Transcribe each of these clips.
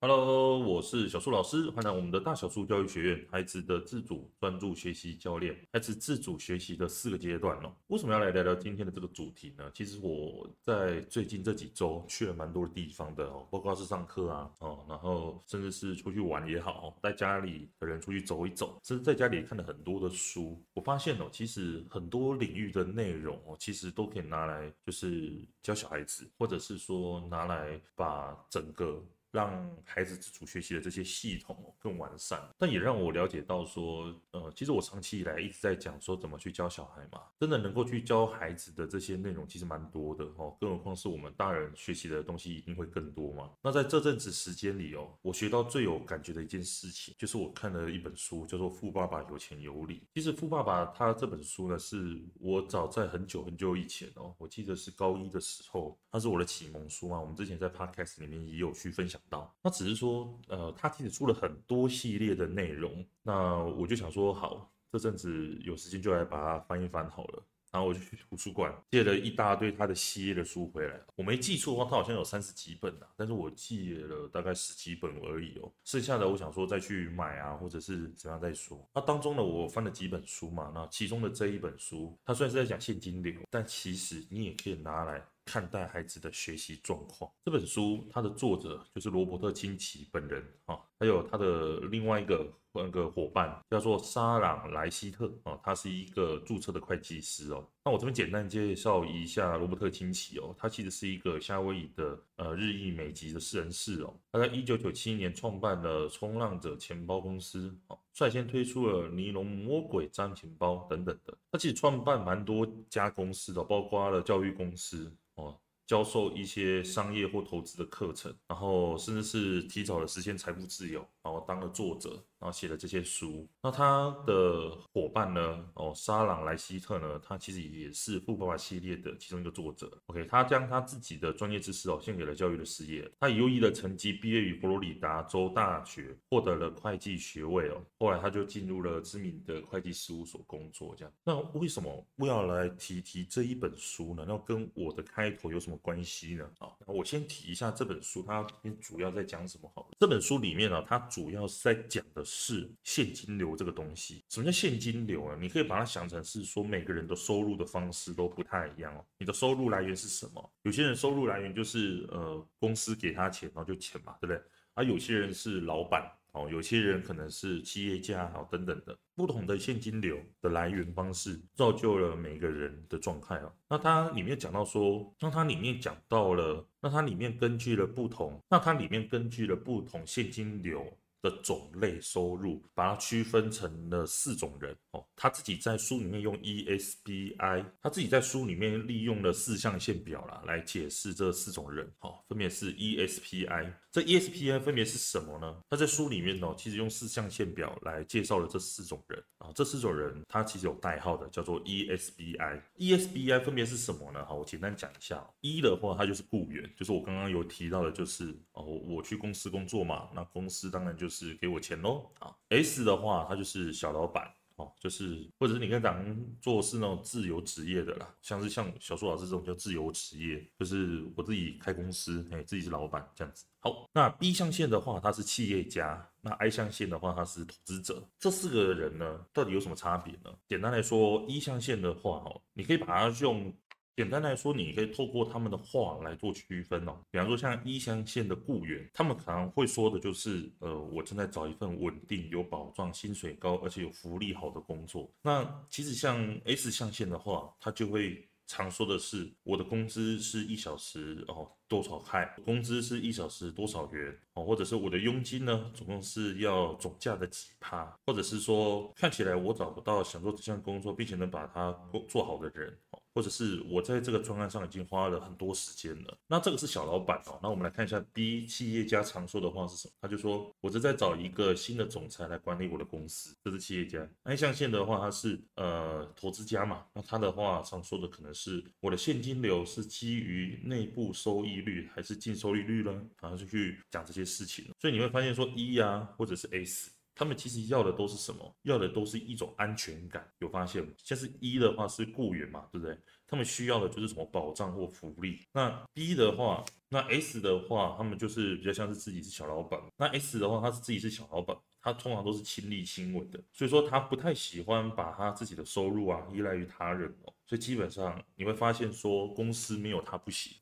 Hello，我是小樹老師，歡迎來我們的大小樹教育學院，孩子的自主專注學習教練，孩子自主學習的四個階段哦。為什麼要來聊聊今天的這個主題呢？其實我在最近這幾周去了蠻多的地方的哦，包括是上課啊，哦，然後甚至是出去玩也好哦，在家裡的人出去走一走，甚至在家裡看了很多的書，我發現哦，其實很多領域的內容哦，其實都可以拿來就是教小孩子，或者是說拿來把整個。讓孩子自主學習的這些系統更完善，但也讓我了解到說，呃，其實我長期以來一直在講說怎麼去教小孩嘛，真的能夠去教孩子的這些內容其實蠻多的哦，更何況是我們大人學習的東西一定會更多嘛。那在這陣子時間裡哦，我學到最有感覺的一件事情，就是我看了一本書叫做《富爸爸有錢有理》。其實《富爸爸》他這本書呢，是我早在很久很久以前哦，我記得是高一的時候，它是我的啟蒙書嘛。我們之前在 Podcast 裡面也有去分享。到那只是說，呃，他其實出了很多系列的內容。那我就想說，好，這陣子有時間就來把它翻一翻好了。然後我就去圖書館借了一大堆他的系列的書回來。我沒記錯的話，他好像有三十幾本啊，但是我記了大概十幾本而已哦。剩下的我想說再去買啊，或者是怎樣再說。那當中呢，我翻了幾本書嘛，那其中的這一本書，它雖然是在講現金流，但其實你也可以拿來。看待孩子的學習狀況。這本書，它的作者就是羅伯特·清崎本人啊，還有他的另外一個那個夥伴叫做沙朗·萊希特啊，他是一個注冊的會計師哦。那我這邊簡單介紹一下羅伯特清崎哦，他其實是一個夏威夷的呃日裔美籍的人士哦，他在一九九七年創辦了衝浪者錢包公司，率先推出了尼龍魔鬼氈錢包等等的。他其實創辦蠻多家公司的，包括了教育公司哦，教授一些商業或投資的課程，然後甚至是提早了實現財富自由，然後當了作者。然後寫了這些書，那他的夥伴呢？哦，莎朗萊希特呢？他其實也是《富爸爸》系列的其中一個作者。OK，他將他自己的專業知識哦獻給了教育的事業。他以優異的成績畢業於佛羅里達州大學，獲得了會計學位哦。後來他就進入了知名的會計事務所工作。這樣，那為什麼我要來提提這一本書呢？那跟我的開頭有什麼關係呢？啊，那我先提一下這本書，它主要在講什麼？好，這本書裡面呢、啊，它主要是在講的。是現金流這個東西，什麼叫現金流啊？你可以把它想成是說，每個人的收入的方式都不太一樣哦。你的收入來源是什麼？有些人收入來源就是呃公司給他錢，然後就錢嘛，對不對？啊，有些人是老闆哦，有些人可能是企業家好，哦，等等的，不同的現金流的來源方式造就了每個人的狀態哦。那它裡面講到說，那它裡面講到了，那它裡面根據了不同，那它裡面根據了不同現金流。的種類收入，把它區分成了四種人。哦、他自己在書裡面用 E S B I，他自己在書裡面利用了四象限表啦，來解釋這四種人哈、哦，分別是 E S B I。這 E S B I 分別是什麼呢？他在書裡面呢、哦，其實用四象限表來介紹了這四種人啊、哦，這四種人他其實有代號的，叫做 E S B I。E S B I 分別是什麼呢？哈、哦，我簡單講一下、哦，E 的話，他就是僱員，就是我剛剛有提到的，就是哦，我去公司工作嘛，那公司當然就是給我錢咯。啊、哦。S 的話，他就是小老闆。哦，就是，或者是你跟黨做是那種自由職業的啦，像是像小樹老師這種叫自由職業，就是我自己開公司，哎，自己是老板這樣子。好，那 B 象限的話，他是企業家；那 I 象限的話，他是投資者。這四個人呢，到底有什麼差別呢？簡單來說，E 象限的話，哦，你可以把它用。簡單來說，你可以透過他們的話來做區分哦。比方說，像一象限的雇員，他們可能會說的就是，呃，我正在找一份穩定、有保障、薪水高而且有福利好的工作。那其實像 S 象限的話，他就會常說的是，我的工資是一小時哦多少塊，工資是一小時多少元哦，或者是我的佣金呢，總共是要總價的幾趴，或者是說，看起來我找不到想做這項工作並且能把它做好的人。或者是我在這個專案上已經花了很多時間了，那這個是小老闆哦。那我們來看一下，B 企業家常說的話是什麼？他就說，我正在找一個新的總裁來管理我的公司。這是企業家。I 象限的話，他是呃投資家嘛，那他的話常說的可能是我的現金流是基於內部收益率還是淨收益率呢？然後就去講這些事情。所以你會發現說，E 呀、啊，或者是 S。他們其實要的都是什麼？要的都是一種安全感，有發現嗎？像是 E 的話是僱員嘛，對不對？他們需要的就是什麼保障或福利。那 B 的話，那 S 的話，他們就是比較像是自己是小老闆。那 S 的話，他是自己是小老闆，他通常都是親力親為的，所以說他不太喜歡把他自己的收入啊依賴於他人哦。所以基本上你會發現說，公司沒有他不行。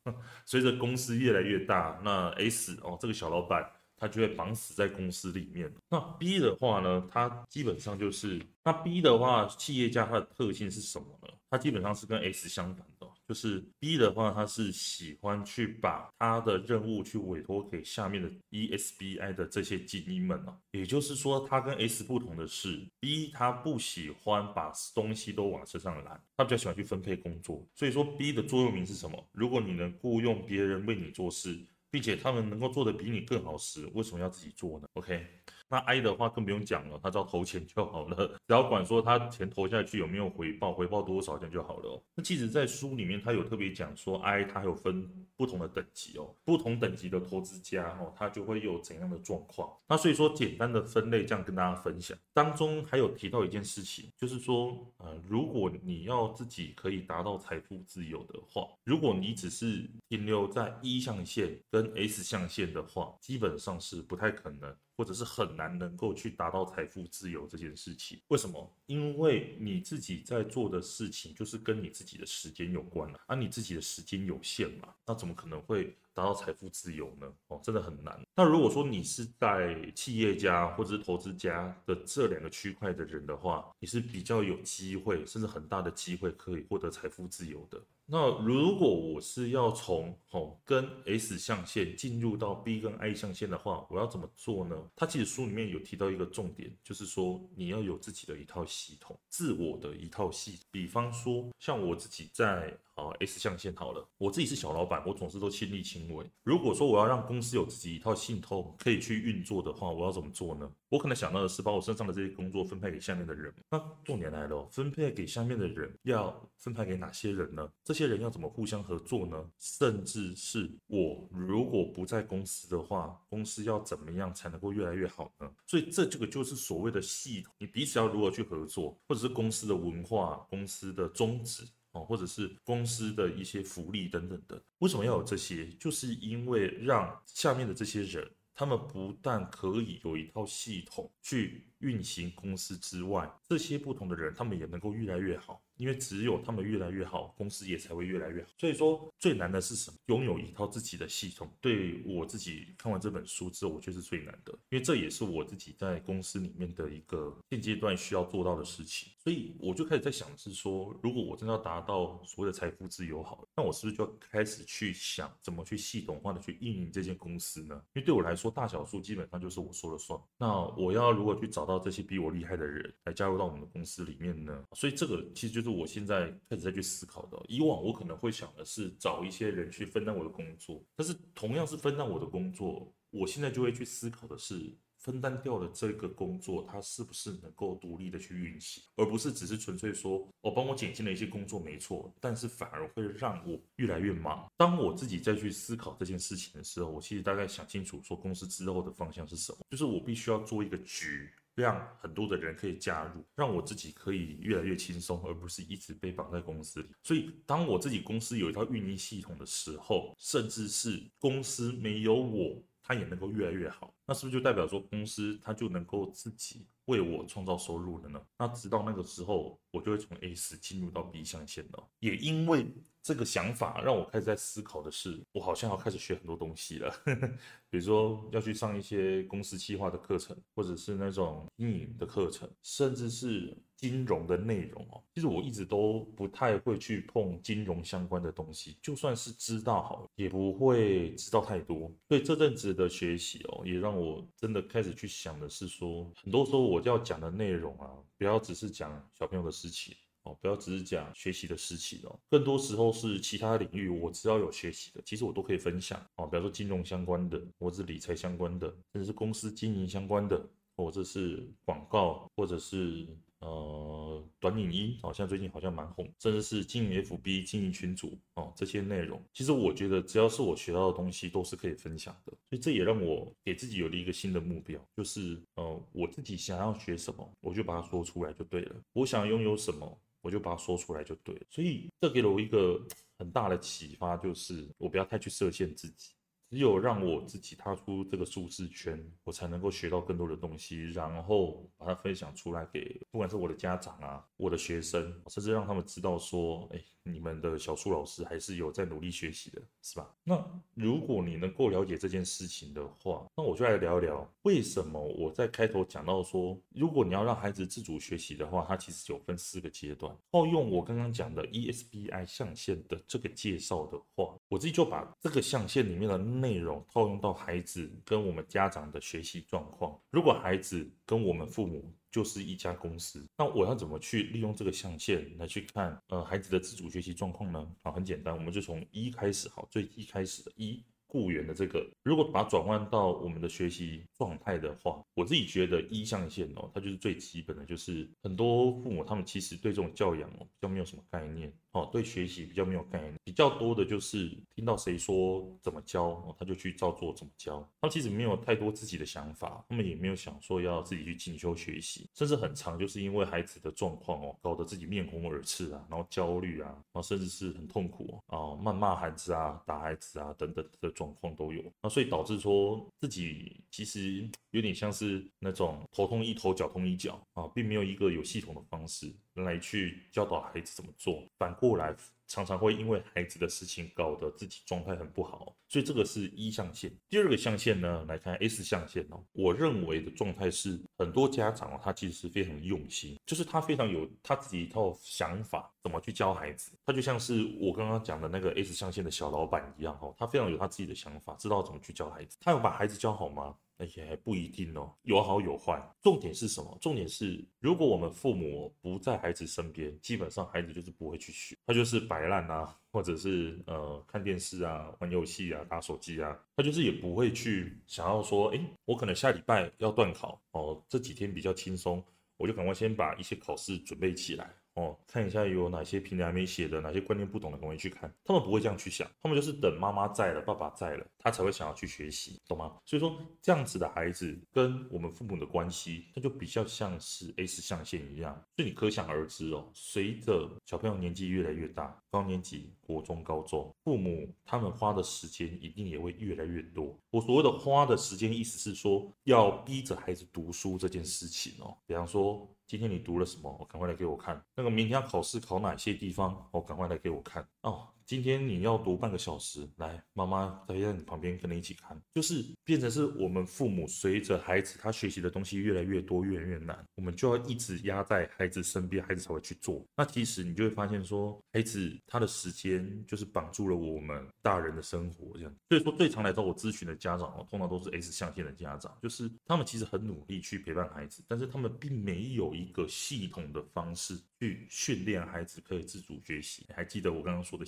隨着公司越來越大，那 S 哦這個小老闆。他就會綁死在公司裡面。那 B 的話呢？他基本上就是那 B 的話，企業家他的特性是什麼呢？他基本上是跟 S 相反的，就是 B 的話，他是喜歡去把他的任務去委托給下面的 ESBI 的這些精英們。也就是說，他跟 S 不同的是，B 他不喜歡把東西都往身上攬，他比較喜歡去分配工作。所以說，B 的座右銘是什麼？如果你能雇傭別人為你做事。並且他們能夠做得比你更好時，為什麼要自己做呢？OK。那 I 的話更不用講了，他只要投錢就好了，只要管說他錢投下去有沒有回報，回報多少錢就好了哦。那其實，在書裡面他有特別講說，I 他有分不同的等級哦，不同等級的投資家哦，他就會有怎樣的狀況。那所以說，簡單的分類這樣跟大家分享。當中還有提到一件事情，就是說，呃，如果你要自己可以達到財富自由的話，如果你只是停留在 E 象限跟 S 象限的話，基本上是不太可能。或者是很難能夠去達到財富自由這件事情，為什麼？因為你自己在做的事情就是跟你自己的時間有關啊，而、啊、你自己的時間有限嘛，那怎麼可能會達到財富自由呢？哦，真的很難。那如果說你是在企業家或者是投資家的這兩個區塊的人的話，你是比較有機會，甚至很大的機會可以獲得財富自由的。那如果我是要從哦跟 S 象限進入到 B 跟 I 象限的話，我要怎麼做呢？他其實書裡面有提到一個重點，就是說你要有自己的一套。系統，自我的一套系統，比方說，像我自己在。啊，S 象限好了，我自己是小老闆，我總是都親力親為。如果說我要讓公司有自己一套系統可以去運作的話，我要怎麼做呢？我可能想到的是把我身上的這些工作分配給下面的人。那重點來了，分配給下面的人要分配給哪些人呢？這些人要怎麼互相合作呢？甚至是我如果不在公司的話，公司要怎麼樣才能夠越來越好呢？所以這這個就是所謂的系統，你彼此要如何去合作，或者是公司的文化、公司的宗旨。或者是公司的一些福利等等等，為什麼要有這些？就是因為讓下面的這些人，他們不但可以有一套系統去。運行公司之外，這些不同的人，他們也能夠越來越好，因為只有他們越來越好，公司也才會越來越好。所以說最難的是什麼？擁有一套自己的系統。對我自己看完這本書之後，我覺得是最難的，因為這也是我自己在公司裡面的一個現階段需要做到的事情。所以我就開始在想，是說如果我真的要達到所謂的財富自由，好了，那我是不是就要開始去想怎麼去系統化的去運營這間公司呢？因為對我來說，大小樹基本上就是我說了算。那我要如何去找。找到這些比我厲害的人來加入到我們的公司裡面呢？所以這個其實就是我現在開始再去思考的。以往我可能會想的是找一些人去分擔我的工作，但是同樣是分擔我的工作，我現在就會去思考的是分擔掉了這個工作，它是不是能夠獨立的去運行，而不是只是純粹說我幫我減輕了一些工作，沒錯，但是反而會讓我越來越忙。當我自己再去思考這件事情的時候，我其實大概想清楚說，公司之後的方向是什麼，就是我必須要做一個局。讓很多的人可以加入，讓我自己可以越來越輕鬆，而不是一直被綁在公司裡。所以，當我自己公司有一套運營系統的時候，甚至是公司沒有我。它也能夠越來越好，那是不是就代表說公司它就能夠自己為我創造收入了呢？那直到那個時候，我就會從 A 池進入到 B 象限了。也因為這個想法，讓我開始在思考的是，我好像要開始學很多東西了， 比如說要去上一些公司企劃的課程，或者是那種運營的課程，甚至是。金融的內容哦，其實我一直都不太會去碰金融相關的東西，就算是知道好了，也不會知道太多。所以這陣子的學習哦，也讓我真的開始去想的是說，很多時候我要講的內容啊，不要只是講小朋友的事情哦，不要只是講學習的事情哦，更多時候是其他領域，我只要有學習的，其實我都可以分享哦。比方說金融相關的，或者是理財相關的，甚至是公司經營相關的，或者是廣告，或者是。呃，短影音好、哦、像最近好像蠻紅，甚至是經營 FB 經營群組哦，這些內容，其實我覺得只要是我學到的東西都是可以分享的，所以這也讓我給自己有了一個新的目標，就是呃，我自己想要學什麼，我就把它說出來就對了；我想擁有什麼，我就把它說出來就對了。所以這給了我一個很大的啟發，就是我不要太去設限自己。只有讓我自己踏出這個舒適圈，我才能夠學到更多的東西，然後把它分享出來給，不管是我的家長啊，我的學生，甚至讓他們知道說，哎。你們的小樹老師還是有在努力學習的，是吧？那如果你能夠了解這件事情的話，那我就來聊一聊為什麼我在開頭講到說，如果你要讓孩子自主學習的話，它其實有分四個階段。套用我剛剛講的 ESBI 象限的這個介紹的話，我自己就把這個象限裡面的內容套用到孩子跟我們家長的學習狀況。如果孩子跟我們父母，就是一家公司，那我要怎麼去利用這個象限來去看呃孩子的自主學習狀況呢？啊，很簡單，我們就從一開始好，最一開始的一僱員的這個，如果把它轉換到我們的學習狀態的話，我自己覺得一象限哦，它就是最基本的，就是很多父母他們其實對這種教養哦，比較沒有什麼概念。哦，對學習比較沒有概念，比較多的就是聽到誰說怎麼教，哦，他就去照做怎麼教，他其實沒有太多自己的想法，他們也沒有想說要自己去進修學習，甚至很常就是因為孩子的狀況哦，搞得自己面紅耳赤啊，然後焦慮啊，然後甚至是很痛苦啊，謾、哦、罵、罵孩子啊，打孩子啊等等的狀況都有，那所以導致說自己其實有點像是那種頭痛醫頭，腳痛醫腳啊，哦，並沒有一個有系統的方式。來去教導孩子怎麼做，反過來常常會因為孩子的事情搞得自己狀態很不好，所以這個是一象限。第二個象限呢，來看看 S 象限哦，我認為的狀態是很多家長哦，他其實是非常用心，就是他非常有他自己一套想法，怎麼去教孩子，他就像是我剛剛講的那個 S 象限的小老闆一樣哦，他非常有他自己的想法，知道怎麼去教孩子，他有把孩子教好嗎？那也還不一定哦，有好有壞。重點是什麼？重點是，如果我們父母不在孩子身邊，基本上孩子就是不會去學，他就是擺爛啊，或者是呃看電視啊、玩遊戲啊、打手機啊，他就是也不會去想要說，誒、欸，我可能下禮拜要段考哦，這幾天比較輕鬆，我就趕快先把一些考試準備起來。哦，看一下有哪些平台還沒寫的，哪些觀念不懂的，可以去看。他們不會這樣去想，他們就是等媽媽在了，爸爸在了，他才會想要去學習，懂嗎？所以說，這樣子的孩子跟我們父母的關係，他就比較像是 S 象限一樣。所以你可想而知哦，隨着小朋友年紀越來越大，高年級、國中、高中，父母他們花的時間一定也會越來越多。我所謂的花的時間，意思是說要逼着孩子讀書這件事情哦，比方說。今天你讀了什麼？我趕快來給我看。那個明天要考試考哪些地方，我趕快來給我看哦。Oh. 今天你要讀半個小時，來，媽媽待在你旁邊跟你一起看，就是變成是我們父母隨着孩子他學習的東西越來越多，越來越難，我們就要一直壓在孩子身邊，孩子才會去做。那其實你就會發現說，孩子他的時間就是綁住了我們大人的生活這樣。所以說，最常來找我諮詢的家長哦，通常都是 S 象限的家長，就是他們其實很努力去陪伴孩子，但是他們並沒有一個系統的方式去訓練孩子可以自主學習。你還記得我剛剛說的？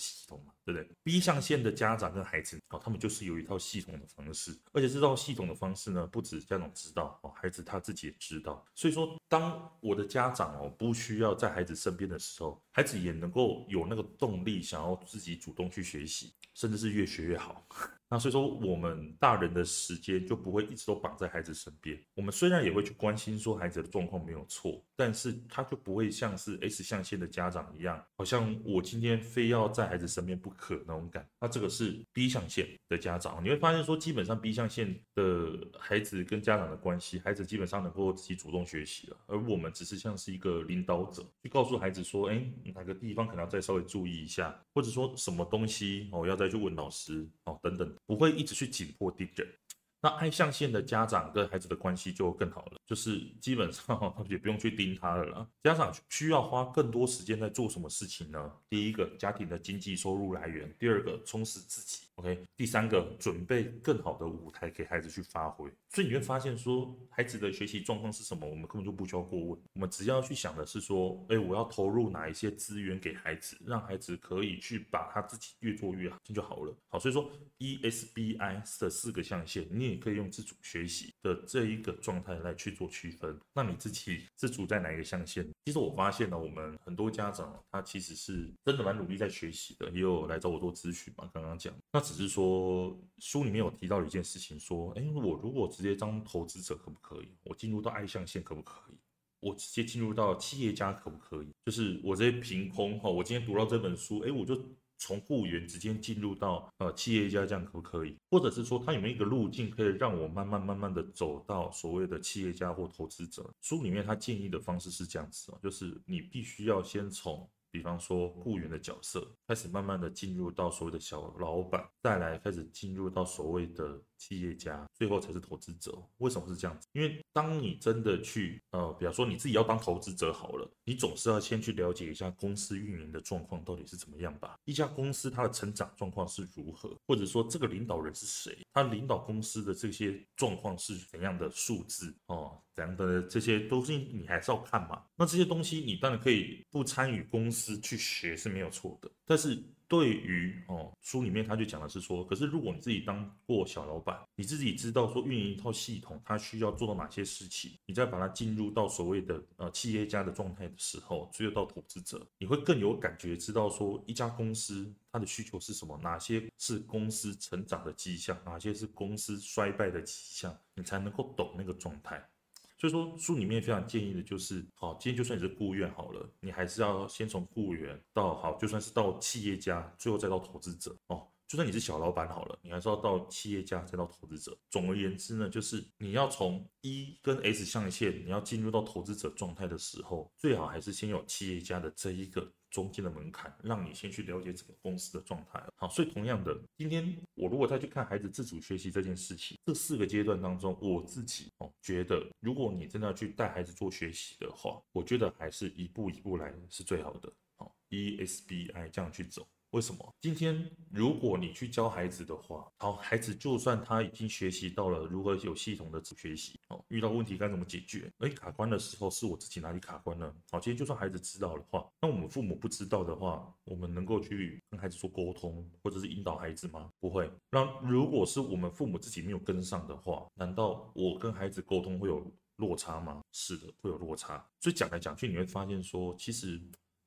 對不對？B 象限的家長跟孩子哦，他們就是有一套系統的方式，而且這套系統的方式呢，不止家長知道哦，孩子他自己也知道。所以說，當我的家長哦，不需要在孩子身邊的時候，孩子也能夠有那個動力，想要自己主動去學習，甚至是越學越好。那所以說，我們大人的時間就不會一直都綁在孩子身邊。我們雖然也會去關心說孩子的狀況沒有錯，但是他就不會像是 S 象限的家長一樣，好像我今天非要在孩子身邊不可那種感。那這個是 B 象限的家長，你會發現說，基本上 B 象限的孩子跟家長的關係，孩子基本上能夠自己主動學習了，而我們只是像是一個領導者，去告訴孩子說，哎，哪個地方可能要再稍微注意一下，或者說什麼東西哦，要再去問老師哦，等等。不會一直去緊迫地震。那愛象限的家長跟孩子的關係就更好了，就是基本上也不用去盯他的了啦。家長需要花更多時間在做什麼事情呢？第一個，家庭的經濟收入來源；第二個，充實自己；OK，第三個，準備更好的舞台給孩子去發揮。所以你會發現說，孩子的學習狀況是什麼，我們根本就不需要過問。我們只要去想的是說，哎，我要投入哪一些資源給孩子，讓孩子可以去把他自己越做越好，這就好了。好，所以說 ESBI 的四個象限，你。你可以用自主學習的這一個狀態來去做區分，那你自己自主在哪一個象限？其實我發現了，我們很多家長他其實是真的蠻努力在學習的，也有來找我做諮詢嘛。剛剛講，那只是說，書裡面有提到一件事情，說，誒，我如果直接當投資者可不可以？我進入到愛象限可不可以？我直接進入到企業家可不可以？就是我這些憑空哈，我今天讀到這本書，誒，我就。從僱員直接進入到呃企業家這樣可不可以？或者是說他有沒有一個路徑可以讓我慢慢慢慢的走到所謂的企業家或投資者？書裡面他建議的方式是這樣子，就是你必須要先從比方說僱員的角色開始，慢慢的進入到所謂的小老闆，再來開始進入到所謂的。企業家，最後才是投資者，為什麼是這樣子？因為當你真的去，呃，比方說你自己要當投資者好了，你總是要先去了解一下公司運營的狀況到底是怎麼樣吧。一家公司它的成長狀況是如何，或者說這個領導人是誰，他領導公司的這些狀況是怎樣的數字哦，怎樣的這些東西，你還是要看嘛。那這些東西你當然可以不參與公司去學是沒有錯的，但是。對於哦，書裡面他就講的是說，可是如果你自己當過小老闆，你自己知道說運營一套系統，它需要做到哪些事情，你再把它進入到所謂的呃企業家的狀態的時候，追到投資者，你會更有感覺，知道說一家公司它的需求是什麼，哪些是公司成長的跡象，哪些是公司衰敗的跡象，你才能夠懂那個狀態。所以說書裡面非常建議的就是，好，今天就算你是僱員好了，你還是要先從僱員到好，就算是到企業家，最後再到投資者哦。就算你是小老闆好了，你還是要到企業家，再到投資者。總而言之呢，就是你要從一、e、跟 S 象限，你要進入到投資者狀態的時候，最好還是先有企業家的這一個中間的門檻，讓你先去了解整個公司的狀態。好，所以同樣的，今天我如果再去看孩子自主學習這件事情，這四個階段當中，我自己，哦，覺得，如果你真的要去帶孩子做學習的話，我覺得還是一步一步來是最好的。好，哦，ESBI 這樣去走。為什麼今天如果你去教孩子的話，好，孩子就算他已經學習到了如何有系統的學習，好，遇到問題該怎麼解決，哎，卡關的時候是我自己哪裡卡關了？好，今天就算孩子知道的話，那我們父母不知道的話，我們能夠去跟孩子做溝通，或者是引導孩子嗎？不會。那如果是我們父母自己沒有跟上的話，難道我跟孩子溝通會有落差嗎？是的，會有落差。所以講來講去，你會發現說，其實。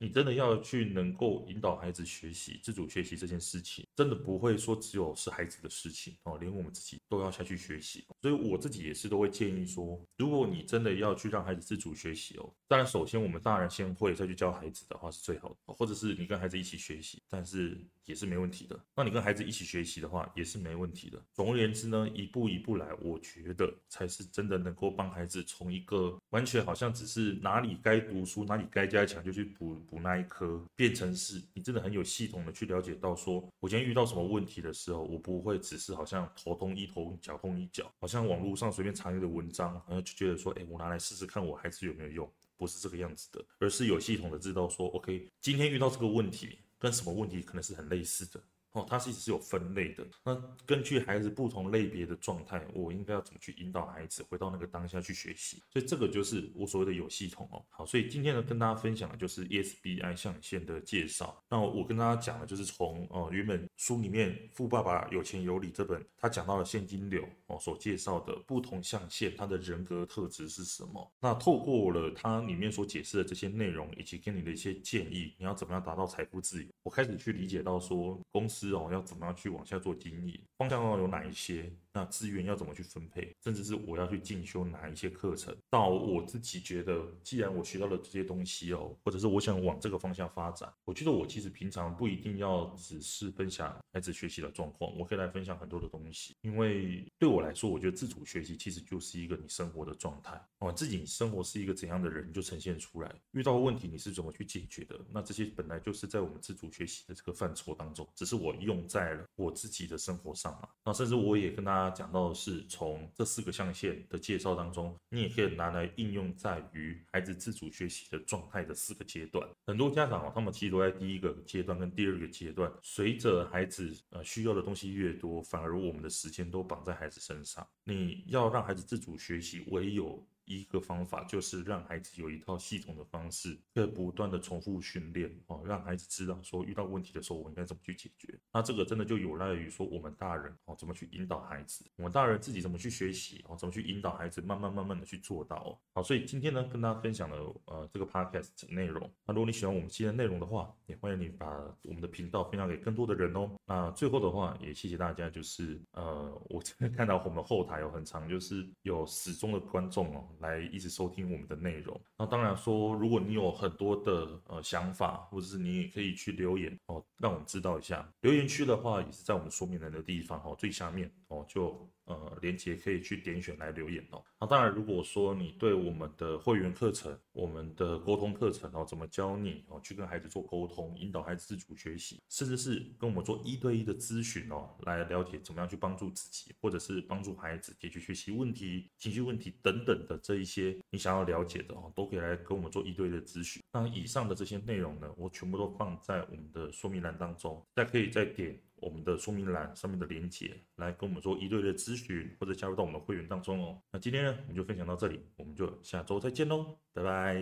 你真的要去能夠引導孩子學習，自主學習這件事情，真的不會說只有是孩子的事情哦，連我們自己都要下去學習。所以我自己也是都會建議說，如果你真的要去讓孩子自主學習哦，當然首先我們大人先會再去教孩子的話是最好的，或者是你跟孩子一起學習，但是也是沒問題的。那你跟孩子一起學習的話也是沒問題的。總而言之呢，一步一步來，我覺得才是真的能夠幫孩子從一個完全好像只是哪裡該讀書，哪裡該加強就去補，補那一科變成是你真的很有系統的去了解到說，說我今天遇到什麼問題的時候，我不會只是好像頭痛醫頭，腳痛醫腳，好像網絡上隨便查一個文章，然後就覺得說，哎、欸，我拿來試試看，我孩子有沒有用，不是這個樣子的，而是有系統的知道說，OK，今天遇到這個問題，跟什麼問題可能是很類似的。哦，它是其實是有分類的。那根據孩子不同類別的狀態，我應該要怎麼去引導孩子回到那個當下去學習？所以這個就是我所謂的有系統哦。好，所以今天呢，跟大家分享的就是 E S B I 象限的介紹。那我跟大家講的就是從呃原本書裡面《富爸爸有錢有理》這本，他講到了現金流哦，所介紹的不同象限，他的人格特質是什麼？那透過了它裡面所解釋的這些內容，以及給你的一些建議，你要怎麼樣達到財富自由？我開始去理解到說公司。哦，要怎麼樣去往下做經營？方向上有哪一些？那資源要怎麼去分配，甚至是我要去進修哪一些課程？到我自己覺得，既然我學到了這些東西哦，或者是我想往這個方向發展，我覺得我其實平常不一定要只是分享孩子學習的狀況，我可以來分享很多的東西。因為對我來說，我覺得自主學習其實就是一個你生活的狀態哦，自己生活是一個怎樣的人就呈現出來，遇到問題你是怎麼去解決的？那這些本來就是在我們自主學習的這個範疇當中，只是我用在了我自己的生活上啊。那甚至我也跟大家。他講到的是從這四個象限的介紹當中，你也可以拿來應用在於孩子自主學習的狀態的四個階段。很多家長哦，他們其實都在第一個階段跟第二個階段。隨着孩子呃需要的東西越多，反而我們的時間都綁在孩子身上。你要讓孩子自主學習，唯有。一個方法就是讓孩子有一套系統的方式，可以不斷的重複訓練哦，讓孩子知道說遇到問題的時候，我應該怎麼去解決。那這個真的就有賴於說我們大人哦怎麼去引導孩子，我們大人自己怎麼去學習哦，怎麼去引導孩子慢慢慢慢的去做到哦。好，所以今天呢跟大家分享了呃這個 podcast 內容。那如果你喜歡我們今天的內容的話，也歡迎你把我們的頻道分享給更多的人哦。那最後的話也謝謝大家，就是呃我真的看到我們後台有很長，就是有始終的觀眾哦。來一直收聽我們的內容。那當然說，如果你有很多的呃想法，或者是你也可以去留言哦，讓我們知道一下。留言區的話也是在我們說明欄的地方哦，最下面哦就呃連接可以去點選來留言哦。那當然，如果說你對我們的會員課程、我們的溝通課程哦，怎麼教你哦去跟孩子做溝通、引導孩子自主學習，甚至是跟我們做一對一的諮詢哦，來了解怎麼樣去幫助自己，或者是幫助孩子解決學習問題、情緒問題等等的。這一些你想要了解的哦，都可以來跟我們做一對一的諮詢。那以上的這些內容呢，我全部都放在我們的說明欄當中，大家可以再點我們的說明欄上面的鏈接來跟我們做一對一的諮詢，或者加入到我們的會員當中哦。那今天呢，我們就分享到這裡，我們就下周再見嘍，拜拜，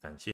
感謝。